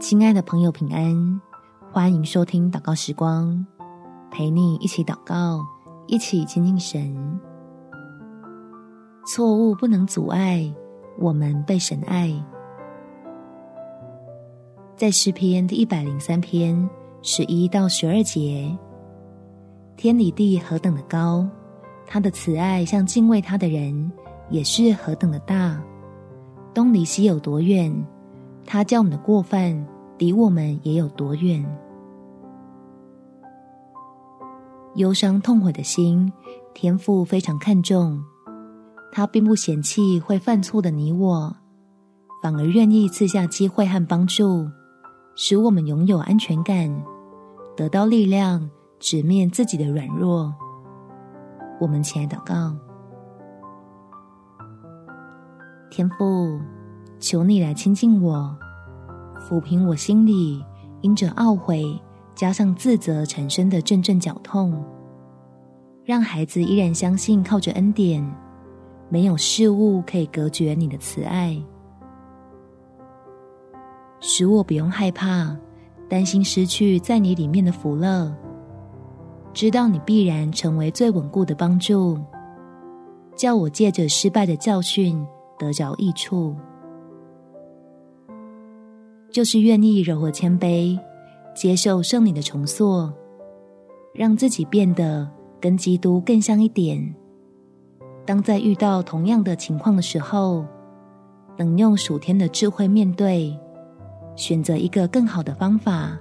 親愛的朋友，平安！歡迎收聽禱告時光，陪你一起禱告，一起親近神。錯誤不能阻礙我們被神愛。在詩篇第一百零三篇十一到十二節，天離地何等的高，他的慈愛向敬畏他的人也是何等的大。東離西有多遠？他叫我們的過犯。離我們也有多遠。憂傷痛悔的心，天父非常看重。他並不嫌棄會犯錯的你我，反而願意賜下機會和幫助，使我們擁有安全感，得到力量，直面自己的軟弱。我們前來禱告，天父，求你來親近我。撫平我心裡因着懊悔加上自責產生的陣陣絞痛，讓孩子依然相信靠着恩典，沒有事物可以隔絕你的慈愛，使我不用害怕，擔心失去在你裡面的福樂，知道你必然成為最穩固的幫助，叫我借着失敗的教訓得着益處。就是願意柔和謙卑，接受聖靈的重塑，讓自己變得跟基督更像一點。當再遇到同樣的情況的時候，能用屬天的智慧面對，選擇一個更好的方法，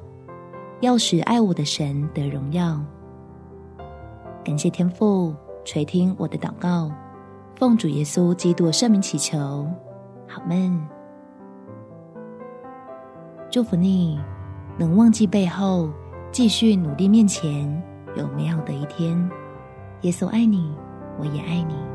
要使愛我的神得榮耀。感謝天父垂聽我的禱告，奉主耶穌基督聖名祈求，阿們。祝福你能忘記背後，繼續努力，面前有美好的一天。耶穌愛你，我也愛你。